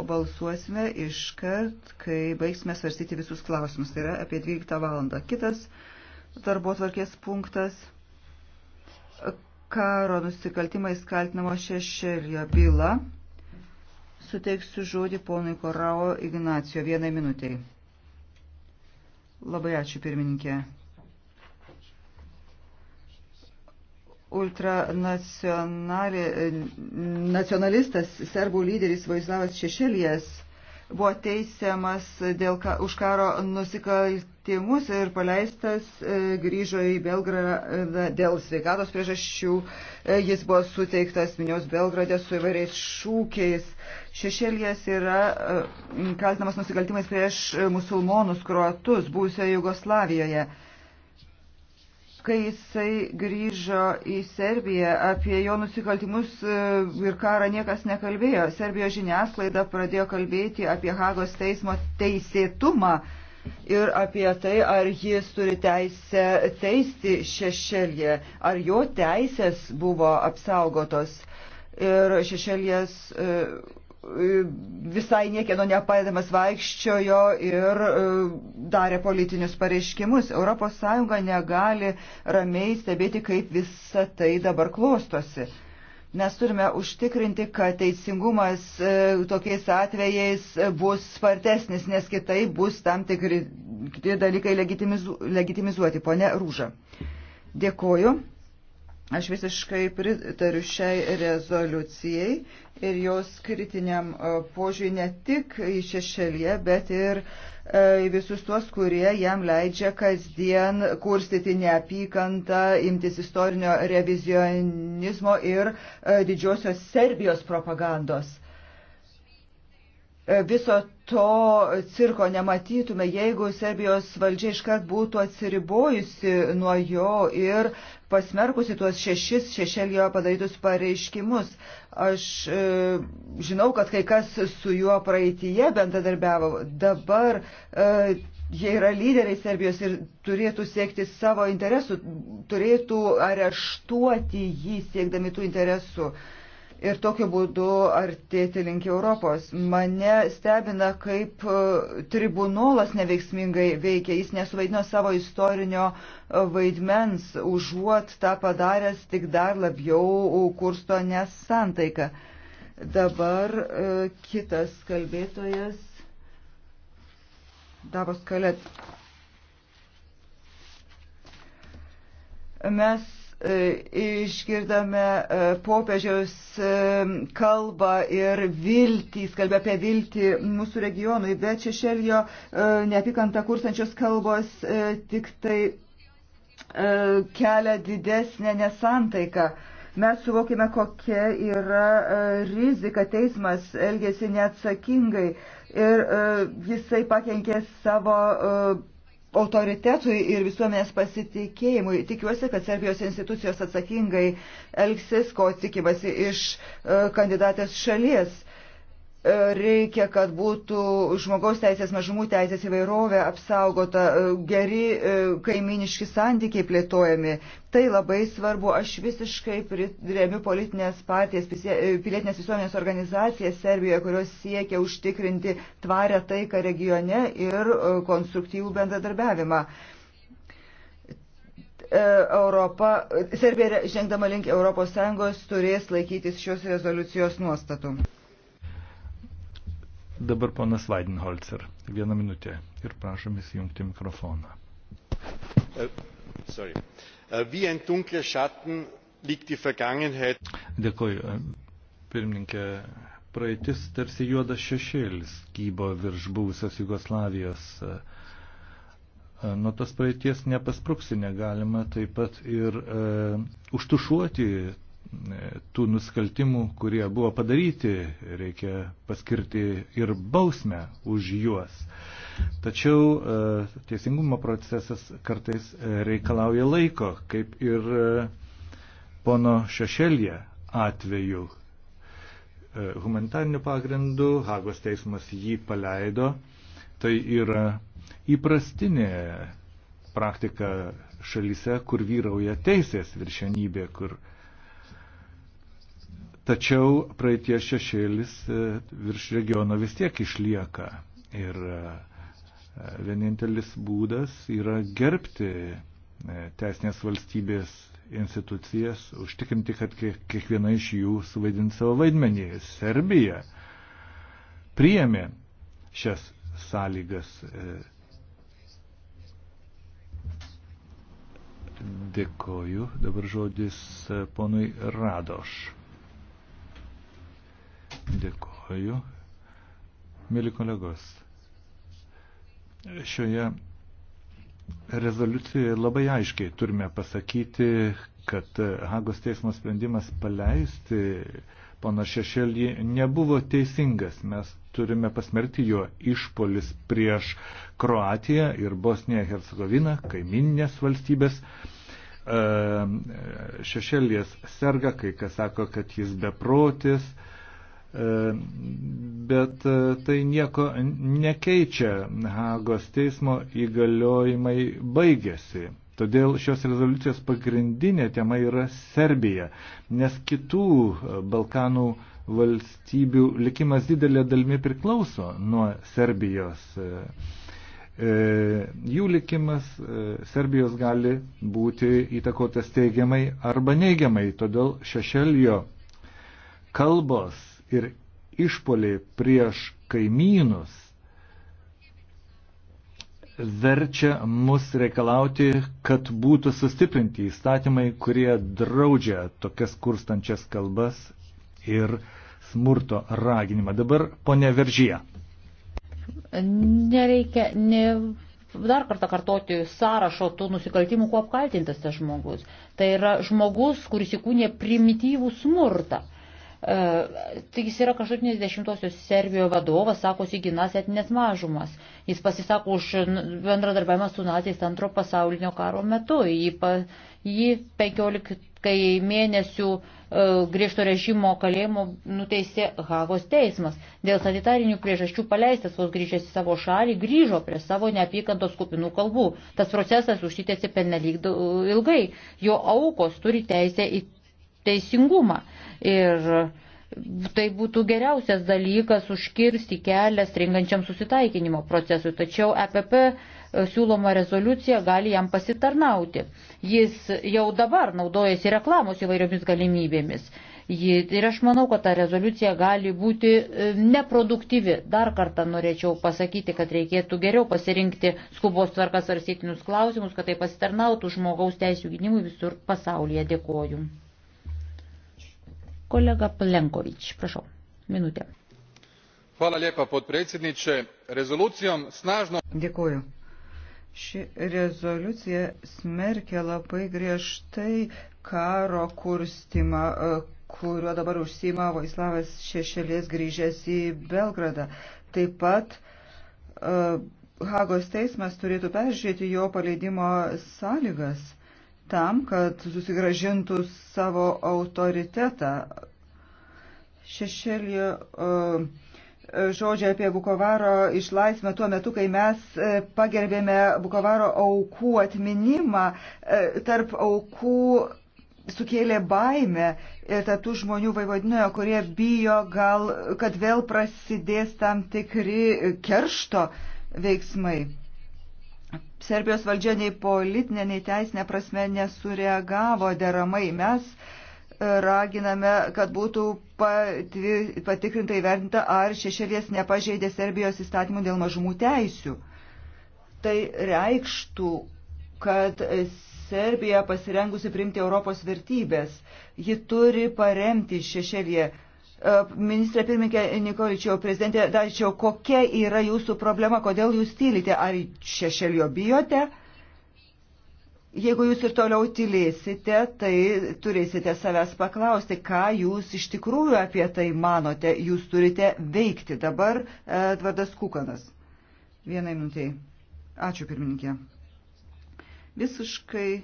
balsuosime iškart, kai baigsime svarstyti visus klausimus. Tai yra apie 12 valandą. Kitas darbo tvarkės punktas. Karo nusikaltimais kaltinamo šešėlio byla. Suteiksiu žodį ponui Korao Ignacijo vienai minutiai. Labai ačiū pirmininkė. ultranacionalistas serbų lyderis Vaislavas Šešelijas buvo teisiamas dėl, ka, už karo nusikaltimus ir paleistas e, grįžo į Belgradą dėl sveikatos priežasčių. E, jis buvo suteiktas minios Belgrade su įvairiais šūkiais. Šešėlės yra e, kaltinamas nusikaltimais prieš musulmonus, kruatus, būsio Jugoslavijoje. E, kai jisai grįžo į Serbiją, apie jo nusikaltimus e, ir karą niekas nekalbėjo. Serbijos žiniasklaida pradėjo kalbėti apie Hagos teismo teisėtumą ir apie tai, ar jis turi teisę teisti šešelį, ar jo teisės buvo apsaugotos. Ir šešelės. E, visai niekieno nepadedamas vaikščiojo ir e, darė politinius pareiškimus. ES negali ramiai stebėti, kaip visa tai dabar klostosi. Mes turime užtikrinti, kad teisingumas e, tokiais atvejais bus spartesnis, nes kitai bus tam tikri dalykai legitimizu, legitimizuoti. Pone Rūža. Dėkoju. Aš visiškai pritariu šiai rezoliucijai ir jos kritiniam e, požiūriui ne tik į šešėlį, bet ir e, į visus tuos, kurie jam leidžia kasdien kurstyti neapykantą, imtis istorinio revizionizmo ir e, didžiosios Serbijos propagandos. Viso to cirko nematytume, jeigu Serbijos valdžia iškart būtų atsiribojusi nuo jo ir pasmerkusi tuos šešis šešelio padarytus pareiškimus. Aš e, žinau, kad kai kas su juo praeitie bendradarbiavo. Dabar e, jie yra lyderiai Serbijos ir turėtų siekti savo interesų, turėtų areštuoti jį siekdami tų interesų. E, ir tokiu būdu artėti link Europos. Mane stebina, kaip e, tribunolas neveiksmingai veikia. Jis nesuvaidino savo istorinio e, vaidmens, užuot tą padaręs tik dar labiau kursto nesantaiką. Dabar e, kitas kalbėtojas. Davos Kalėt. Mes E, išgirdome e, popiežiaus e, kalbą ir viltį, jis kalbė apie viltį mūsų regionui, bet šešėlio neapykantą kursančios kalbos tik tai kelia didesnę nesantaiką mes suvokime, kokia yra rizika, teismas elgėsi neatsakingai ir jisai pakenkė savo autoritetui ir visuomenės pasitikėjimui. Tikiuosi, kad Serbijos institucijos atsakingai elgsis, ko tikimasi iš e, kandidatės šalies reikia, kad būtų žmogaus teisės, mažumų teisės įvairovė apsaugota, geri e, kaiminiški santykiai plėtojami. Tai labai svarbu. Aš visiškai remiu politinės partijas, e, pilietinės visuomenės organizacijas Serbijoje, kurios siekia užtikrinti tvarę taiką regione ir e, konstruktyvų bendradarbiavimą. Europa, Serbija žengdama link ES turės laikytis šios rezoliucijos nuostatų. Dabar ponas Weidenholzer. Vieną minutę ir prašom įsijungti mikrofoną. Äh, sorry. Äh, wie ein dunkler Schatten liegt die Vergangenheit. Dėkoju, äh, pirmininkė. Praeitis tarsi juodas šešėlis kybo virš buvusios Jugoslavijos. Nuo tos praeities nepaspruksi negalima taip pat ir e, užtušuoti E, tų nusikaltimų, kurie buvo padaryti, reikia paskirti ir bausmę už juos. Tačiau e, teisingumo procesas kartais e, reikalauja laiko, kaip ir pono Šešelė atveju. Humanitariniu pagrindu Hagos teismas jį paleido. Tai yra įprastinė praktika šalyse, kur vyrauja teisės viršenybė, kur uh, Tačiau praeitie šešėlis e, virš regiono vis tiek išlieka. Ir e, vienintelis būdas yra gerbti e, teisinės valstybės institucijas, užtikrinti, kad kiekviena iš jų suvaidins savo vaidmenį. Serbija priėmė šias sąlygas. Dėkoju. Dabar žodis ponui Radoš. Dėkoju. Mėly kolegos, šioje rezoliucijoje labai aiškiai turime pasakyti, kad Hagos teismo sprendimas paleisti pana Šešelį nebuvo teisingas. Mes turime pasmerkti jo išpolis prieš Kroatiją ir Bosniją Hercegoviną, kaiminės valstybės. Ehm, Šešelės serga, kai kas sako, kad jis beprotis. E, bet e, tai nieko nekeičia. Hagos teismo įgaliojimai baigėsi. Todėl šios rezoliucijos pagrindinė tema yra Serbija, nes kitų e, Balkanų valstybių likimas didelė dalimi priklauso nuo Serbijos. Jų likimas Serbijos gali būti įtakotas teigiamai arba neigiamai, todėl šešelio kalbos ir išpoliai prieš kaimynus verčia mus reikalauti, kad būtų sustiprinti įstatymai, kurie draudžia tokias kurstančias kalbas ir smurto raginimą. Dabar ponė Veržyje. Nereikia ne, dar kartą kartoti sąrašo tų nusikaltimų, kuo apkaltintas tas žmogus. Tai yra žmogus, kuris įkūnė primityvų smurtą. E, tai jis yra kažkokios dešimtosios Serbijoje vadovas, sakosi ginas etinės mažumas. Jis pasisako už bendradarbiavimą su naciais antro pasaulinio karo metu. Jį, pa, jį 15 mėnesių e, griežto režimo kalėjimo nuteisė Hagos teismas. Dėl sanitarinių priežasčių paleistas, vos grįžęs į savo šalį, grįžo prie savo neapykantos kupinų kalbų. Tas procesas užsitęsė pernelyg ilgai. Jo aukos turi teisę į teisingumą. Ir tai būtų geriausias dalykas užkirsti kelią stringančiam susitaikinimo procesui. Tačiau EPP e, siūloma rezoliucija gali jam pasitarnauti. Jis jau dabar naudojasi reklamos įvairiomis galimybėmis. Ir aš manau, kad ta rezoliucija gali būti e, neproduktyvi. Dar kartą norėčiau pasakyti, kad reikėtų geriau pasirinkti skubos tvarkas ar sėtinius klausimus, kad tai pasitarnautų žmogaus teisų gynimui visur pasaulyje. Dėkoju. Kolega Plenković, prašau, minutė. Hvala lijepa, potpredsjedniče. Rezolucijom snažno... Dėkuoju. Ši rezoliucija smerkia labai griežtai karo kurstimą, e, kuriuo dabar užsima Vaislavas Šešelės grįžęs į Belgradą. Taip pat uh, Hagos teismas turėtų peržiūrėti jo paleidimo sąlygas tam, kad susigražintų savo autoritetą. Šešėlį uh, žodžiai apie Bukovaro išlaisvę tuo metu, kai mes e, pagerbėme Bukovaro aukų atminimą, tarp aukų sukėlė baimę ir tų žmonių vaivadinojo, kurie bijo gal, kad vėl prasidės tam tikri keršto veiksmai. Serbijos valdžia nei politinė, nei teisinė prasme nesureagavo deramai. Mes e, raginame, kad būtų patikrinta įvertinta, ar šešėlės nepažeidė Serbijos įstatymų dėl mažumų teisių. Tai reikštų, kad Serbija pasirengusi priimti Europos vertybės. Ji turi paremti šešėlėje Ministrė pirmininkė Nikoličiau, prezidentė Dačiau, kokia yra jūsų problema, kodėl jūs tylite, ar šešėlio bijote? Jeigu jūs ir toliau tylėsite, tai turėsite savęs paklausti, ką jūs iš tikrųjų apie tai manote. Jūs turite veikti. Dabar Edvardas Kukanas. Vienai minutiai. Ačiū pirmininkė. Visiškai e,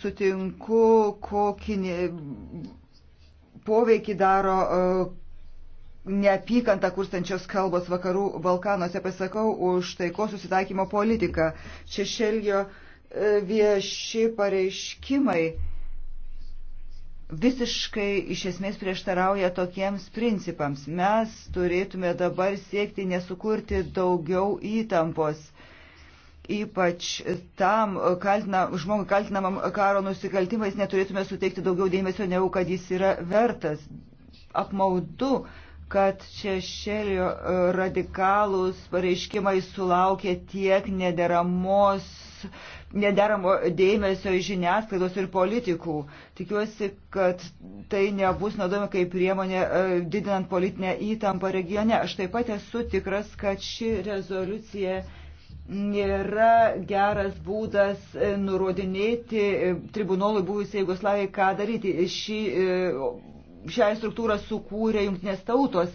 sutinku, kokį poveikį daro e, neapykantą kurstančios kalbos vakarų Balkanuose. Pasakau už taiko susitaikymo politiką. Šešelgio e, vieši pareiškimai visiškai iš esmės prieštarauja tokiems principams. Mes turėtume dabar siekti nesukurti daugiau įtampos ypač tam kaltina, žmogui kaltinamam karo nusikaltimais neturėtume suteikti daugiau dėmesio, negu kad jis yra vertas. Apmaudu, kad šešėlio radikalus pareiškimai sulaukė tiek nederamos nederamo dėmesio iš žiniasklaidos ir politikų. Tikiuosi, kad tai nebus naudojama kaip priemonė e, didinant politinę įtampą regione. Aš taip pat esu tikras, kad ši rezoliucija nėra geras būdas e, nurodinėti e, tribunolui buvusiai Jugoslavijai, ką daryti. Šį, e, šią struktūrą sukūrė jungtinės tautos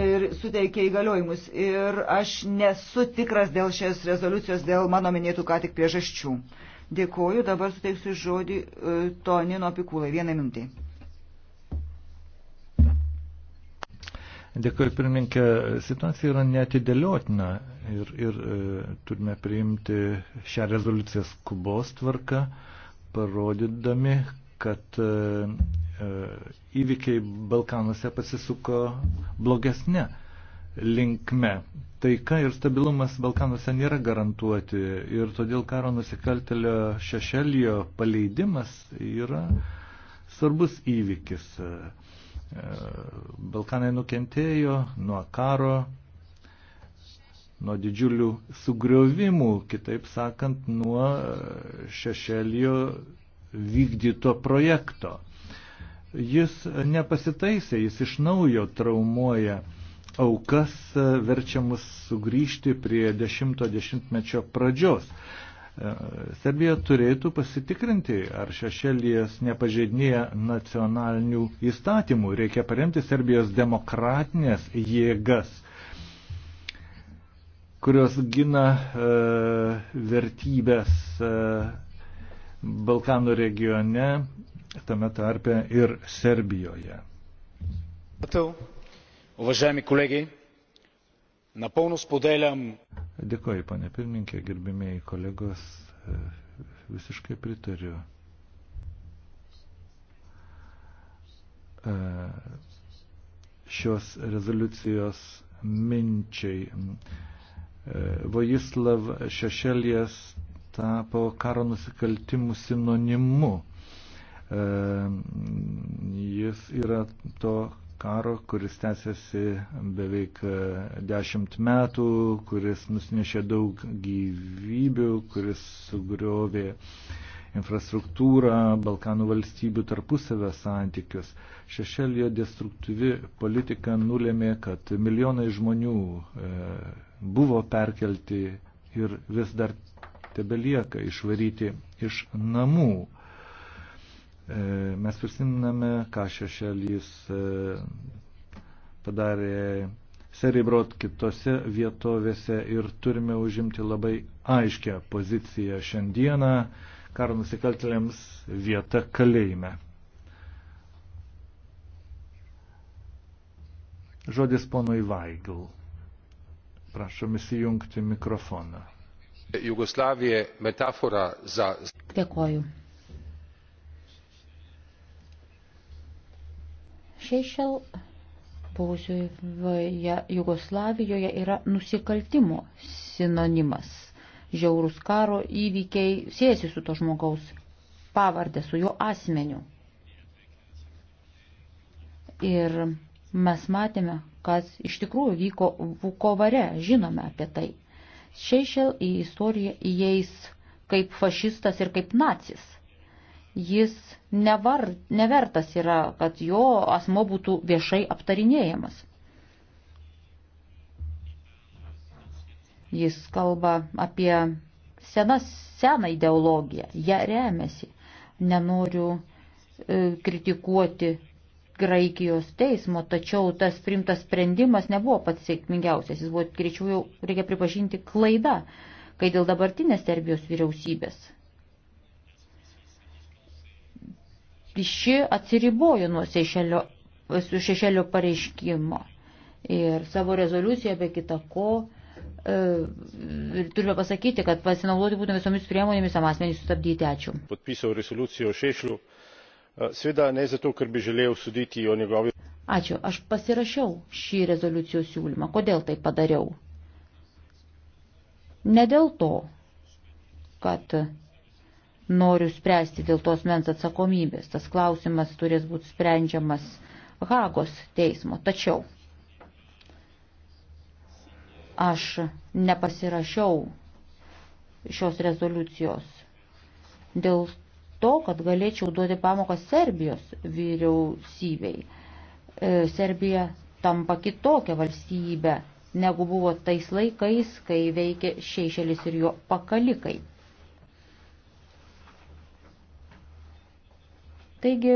ir suteikė įgaliojimus. Ir aš nesu tikras dėl šios rezoliucijos, dėl mano minėtų ką tik priežasčių. Dėkuoju, dabar suteiksiu žodį Tonino Pikulai. Vieną minutį. Dėkuoju, pirmininkė, situacija yra netidėliotina ir, ir e, turime priimti šią rezoliuciją skubos tvarką, parodydami, kad e, e, įvykiai Balkanuose pasisuko blogesnė linkme. Taika ir stabilumas Balkanuose nėra garantuoti ir todėl karo nusikaltelio šešelio paleidimas yra svarbus įvykis. E, Balkanai nukentėjo nuo karo, nuo didžiulių sugriovimų, kitaip sakant, nuo šešelio vykdyto projekto. Jis nepasitaisė, jis iš naujo traumuoja aukas, verčiamus sugrįžti prie 10-mečio pradžios. E, Serbija turėtų pasitikrinti, ar šešėlijas nepažeidinėja nacionalinių įstatymų. Reikia paremti Serbijos demokratinės jėgas, kurios gina e, vertybės e, Balkanų regione, tame tarpe ir Serbijoje. Уважаеми колеги, Napolnus podėliam. Dėkoju, pane pirmininkė, gerbimieji kolegos, visiškai pritariu. Šios rezoliucijos minčiai. Vojislav Šešelės tapo karo nusikaltimų sinonimu. Jis yra to karo, kuris tęsiasi beveik e, dešimt metų, kuris nusinešė daug gyvybių, kuris sugriovė infrastruktūrą, Balkanų valstybių tarpusavę santykius. Šešelio destruktyvi politika nulėmė, kad milijonai žmonių e, buvo perkelti ir vis dar tebelieka išvaryti iš namų. E, mes užsiminame, ką šešėlys e, padarė Seribrot kitose vietovėse ir turime užimti labai aiškę poziciją šiandieną karo nusikaltėliams vieta kalėjime. Žodis ponui Vaigl. Prašom įsijungti mikrofoną. Jugoslavija metafora za. Dėkoju. Šešel buvusioje Jugoslavijoje yra nusikaltimo sinonimas. Žiaurus karo įvykiai siejasi su to žmogaus pavardė, su jo asmeniu. Ir mes matėme, kas iš tikrųjų vyko Vukovare, žinome apie tai. Šešel į istoriją įeis kaip fašistas ir kaip nacis jis nevar, nevertas yra, kad jo asmo būtų viešai aptarinėjamas. Jis kalba apie senas, seną ideologiją, ją remiasi. Nenoriu e, kritikuoti Graikijos teismo, tačiau tas primtas sprendimas nebuvo pats sėkmingiausias, jis buvo, greičiau jau reikia pripažinti, klaida, kai dėl dabartinės Serbijos vyriausybės ši atsiribojo nuo šešėlio, šešėlio pareiškimo. Ir savo rezoliuciją be kita ko e, turime pasakyti, kad pasinaudoti būtent visomis priemonėmis tam asmenį sustabdyti. Ačiū. Podpisau rezoliucijo šešlju. E, sveda ne zato, ker bi želel suditi o njegovi. Ačiū. Aš pasirašiau šį rezoliucijos siūlymą. Kodėl tai padariau? Ne dėl to, kad noriu spręsti dėl tos mens atsakomybės. Tas klausimas turės būti sprendžiamas Hagos teismo. Tačiau aš nepasirašiau šios rezoliucijos dėl to, kad galėčiau duoti pamoką Serbijos vyriausybei. E, Serbija tampa kitokią valstybę negu buvo tais laikais, kai veikė šešėlis ir jo pakalikai. Taigi,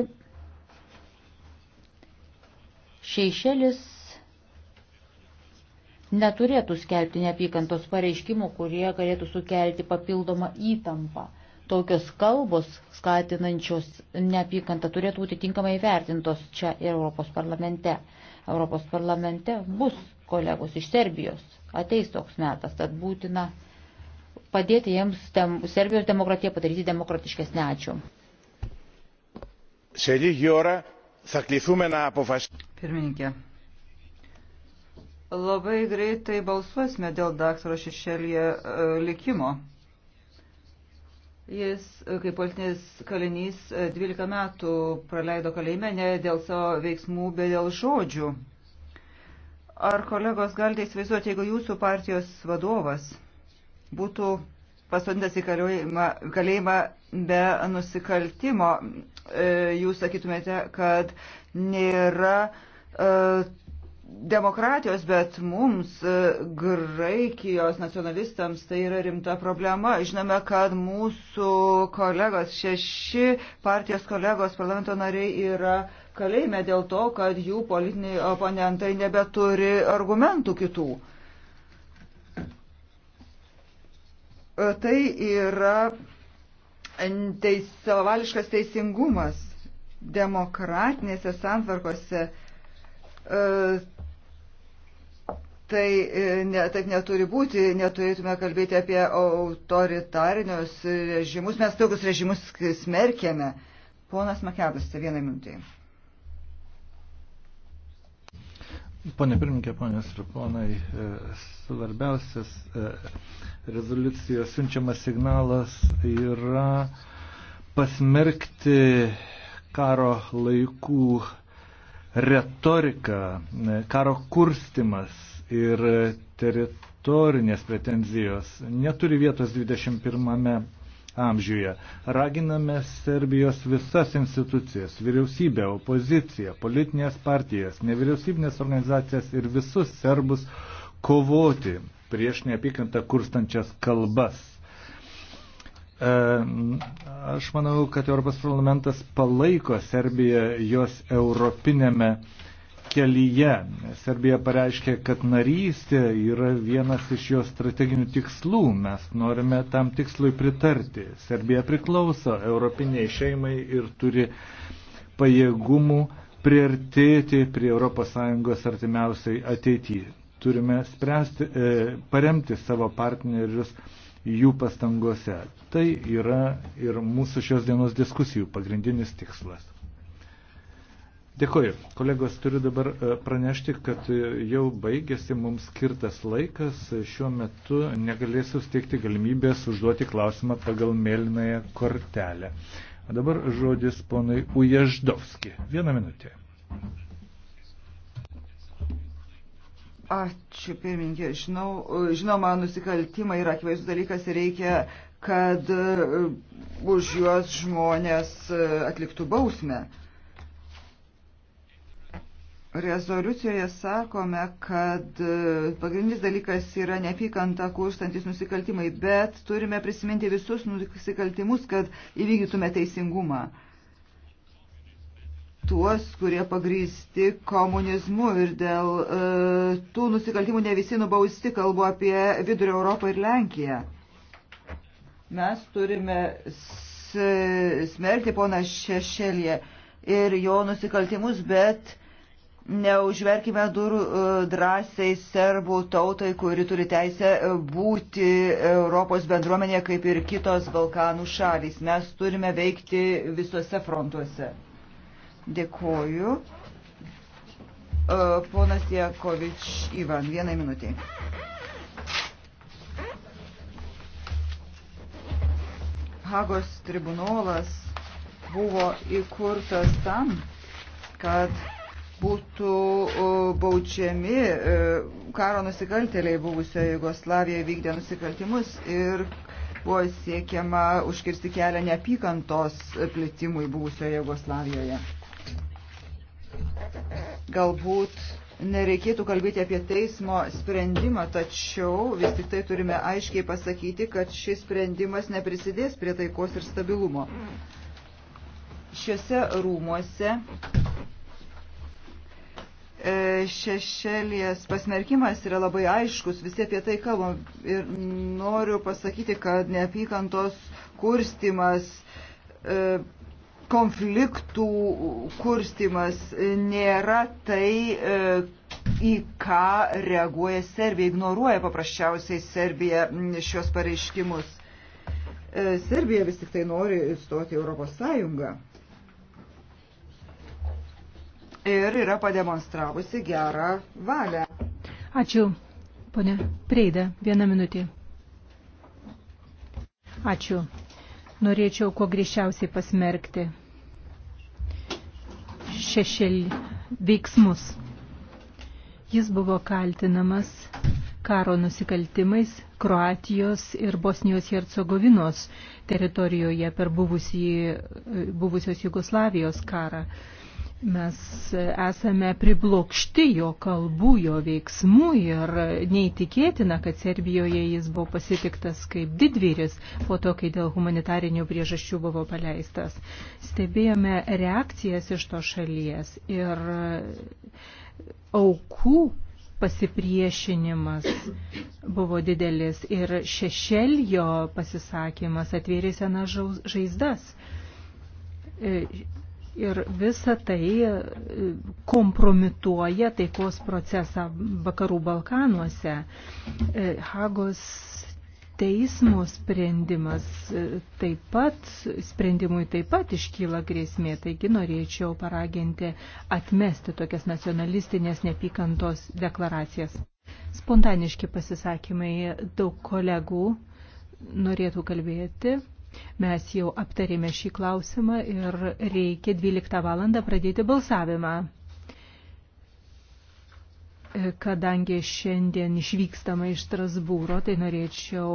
Šeišelis neturėtų skelbti neapykantos pareiškimų, kurie galėtų sukelti papildomą įtampą. Tokios kalbos skatinančios neapykantą turėtų būti tinkamai vertintos čia ir Europos parlamente. Europos parlamente bus kolegos iš Serbijos. Ateis toks metas, tad būtina padėti jiems tem, Serbijos demokratiją padaryti demokratiškesnę. Ačiū σε λίγη ώρα θα κληθούμε να αποφασίσουμε. Labai greitai balsuosime dėl daktaro šešėlėje likimo. Jis, e, kaip politinis kalinys, 12 e, metų praleido kalėjime ne dėl savo veiksmų, bet dėl žodžių. Ar kolegos galite įsivaizduoti, jeigu jūsų partijos vadovas būtų pasodintas į kalėjimą, kalėjimą be nusikaltimo, E, jūs sakytumėte, kad nėra e, demokratijos, bet mums, e, Graikijos nacionalistams, tai yra rimta problema. Žinome, kad mūsų kolegos, šeši partijos kolegos parlamento nariai yra kalėjime dėl to, kad jų politiniai oponentai nebeturi argumentų kitų. Tai yra teis, savavališkas teisingumas demokratinėse santvarkose e, tai e, ne, taip neturi būti, neturėtume kalbėti apie autoritarinius režimus, mes tokius režimus smerkėme. Ponas Makedas, vienai minutėjai. Pone pirmininkė, ponės ir ponai, e, svarbiausias e, rezoliucijos siunčiamas signalas yra pasmerkti karo laikų retoriką, e, karo kurstimas ir teritorinės pretenzijos neturi vietos 21 amžiuje. Raginame Serbijos visas institucijas, vyriausybę, opoziciją, politinės partijas, nevyriausybinės organizacijas ir visus serbus kovoti prieš neapykantą kurstančias kalbas. E, aš manau, kad Europos parlamentas palaiko Serbiją jos europinėme kelyje. Serbija pareiškė, kad narystė yra vienas iš jos strateginių tikslų. Mes norime tam tikslui pritarti. Serbija priklauso europiniai šeimai ir turi pajėgumų priartėti prie ES artimiausiai ateityje. Turime spręsti, e, paremti savo partnerius jų pastangose. Tai yra ir mūsų šios dienos diskusijų pagrindinis tikslas. Dėkuoju. Kolegos, turiu dabar e, pranešti, kad e, jau baigėsi mums skirtas laikas. Šiuo metu negalėsiu steigti galimybės užduoti klausimą pagal mėlynąją kortelę. O dabar žodis ponui Uježdovski. Vieną minutę. Ačiū, pirmininkė. Žinau, žinoma, nusikaltimai yra akivaizdus dalykas ir reikia, kad e, už juos žmonės atliktų bausmę. Rezoliucijoje sakome, kad e, pagrindinis dalykas yra neapykanta kurstantis nusikaltimai, bet turime prisiminti visus nusikaltimus, kad įvykdytume teisingumą. Tuos, kurie pagrysti komunizmu ir dėl e, tų nusikaltimų ne visi nubausti, kalbu apie Vidurio Europą ir Lenkiją. Mes turime smerkti poną Šešelį ir jo nusikaltimus, bet neužverkime durų e, drąsiai serbų tautai, kuri turi teisę e, būti Europos bendruomenė kaip ir kitos Balkanų šalys. Mes turime veikti visuose frontuose. Dėkuoju. E, ponas Jakovič Ivan, vienai minutė. Hagos tribunolas buvo įkurtas tam, kad būtų baudžiami e, karo nusikaltėliai buvusioje Jugoslavijoje vykdė nusikaltimus ir buvo siekiama užkirsti kelią neapykantos plitimui buvusioje Jugoslavijoje. Galbūt nereikėtų kalbėti apie teismo sprendimą, tačiau vis tik tai turime aiškiai pasakyti, kad šis sprendimas neprisidės prie taikos ir stabilumo. Šiuose rūmuose E, šešėlės pasmerkimas yra labai aiškus, visi apie tai kalbam. Ir noriu pasakyti, kad neapykantos kurstimas, e, konfliktų kurstimas nėra tai, e, į ką reaguoja Serbija, ignoruoja paprasčiausiai Serbija šios pareiškimus. Serbija vis tik tai nori įstoti Europos Sąjungą ir yra pademonstravusi gerą valią. Ačiū, ponė. Preida, vieną minutį. Ačiū. Norėčiau kuo grįžčiausiai pasmerkti šešėlį veiksmus. Jis buvo kaltinamas karo nusikaltimais Kroatijos ir Bosnijos Hercegovinos teritorijoje per buvusį, buvusios Jugoslavijos karą. Mes esame priblokšti jo kalbų, jo veiksmų ir neįtikėtina, kad Serbijoje jis buvo pasitiktas kaip didvyris po to, kai dėl humanitarinių priežasčių buvo paleistas. Stebėjome reakcijas iš to šalies ir aukų pasipriešinimas buvo didelis ir šešeljo pasisakymas atvėrė senas žaizdas e, Ir visa tai e, kompromituoja taikos procesą vakarų Balkanuose. E, Hagos teismo sprendimas e, taip pat, sprendimui taip pat iškyla grėsmė, taigi norėčiau paraginti atmesti tokias nacionalistinės nepykantos deklaracijas. Spontaniški pasisakymai daug kolegų norėtų kalbėti. Mes jau aptarėme šį klausimą ir reikia 12 valandą pradėti balsavimą. Kadangi šiandien išvykstama iš Strasbūro, tai norėčiau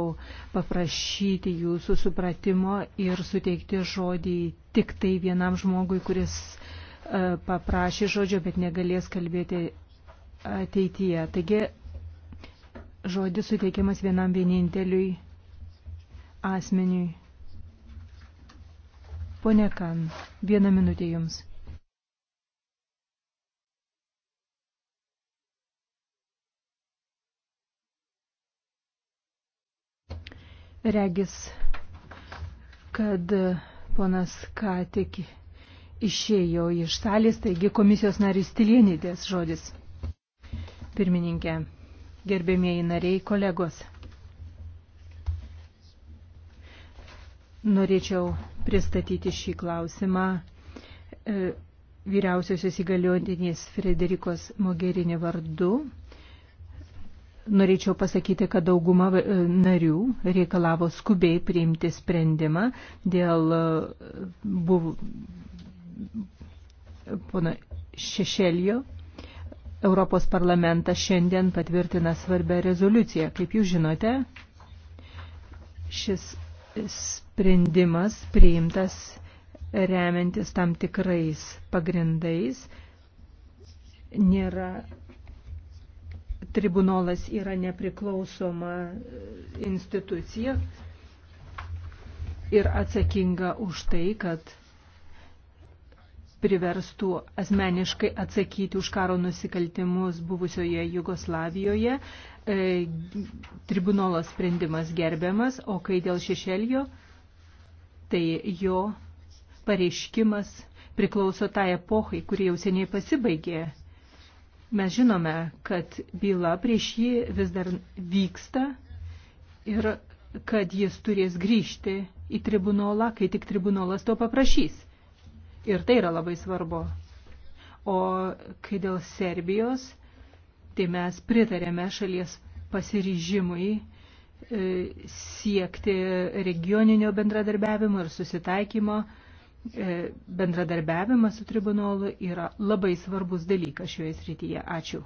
paprašyti jūsų supratimo ir suteikti žodį tik tai vienam žmogui, kuris e, paprašė žodžio, bet negalės kalbėti ateityje. Taigi žodis suteikiamas vienam vieninteliui asmeniui. Pone Kan, vieną minutę jums. Regis, kad ponas ką tik išėjo iš salės, taigi komisijos narys Tilienydės žodis. Pirmininkė, gerbėmieji nariai, kolegos. Norėčiau pristatyti šį klausimą e, vyriausiosios įgaliotinės Frederikos Mogerinė vardu. Norėčiau pasakyti, kad dauguma e, narių reikalavo skubiai priimti sprendimą dėl e, buv... pono Šešelio. Europos parlamentas šiandien patvirtina svarbę rezoliuciją. Kaip jūs žinote, šis sprendimas priimtas remiantis tam tikrais pagrindais. Nėra, tribunolas yra nepriklausoma e, institucija ir atsakinga už tai, kad priverstų asmeniškai atsakyti už karo nusikaltimus buvusioje Jugoslavijoje. E, tribunolo sprendimas gerbiamas, o kai dėl šešelio tai jo pareiškimas priklauso tai epochai, kuri jau seniai pasibaigė. Mes žinome, kad byla prieš jį vis dar vyksta ir kad jis turės grįžti į tribunolą, kai tik tribunolas to paprašys. Ir tai yra labai svarbu. O kai dėl Serbijos, tai mes pritarėme šalies pasiryžimui E, siekti regioninio bendradarbiavimo ir susitaikymo. E, bendradarbiavimas su tribunolu yra labai svarbus dalykas šioje srityje. Ačiū.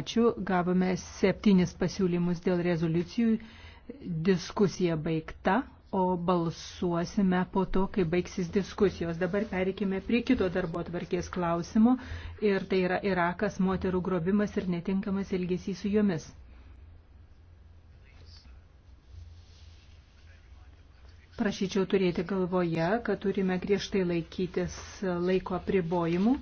Ačiū. Gavome septynis pasiūlymus dėl rezoliucijų. Diskusija baigta o balsuosime po to, kai baigsis diskusijos. Dabar pereikime prie kito darbo atvarkės klausimo ir tai yra Irakas, moterų grobimas ir netinkamas elgesys su jomis. Prašyčiau turėti galvoje, kad turime griežtai laikytis laiko apribojimų.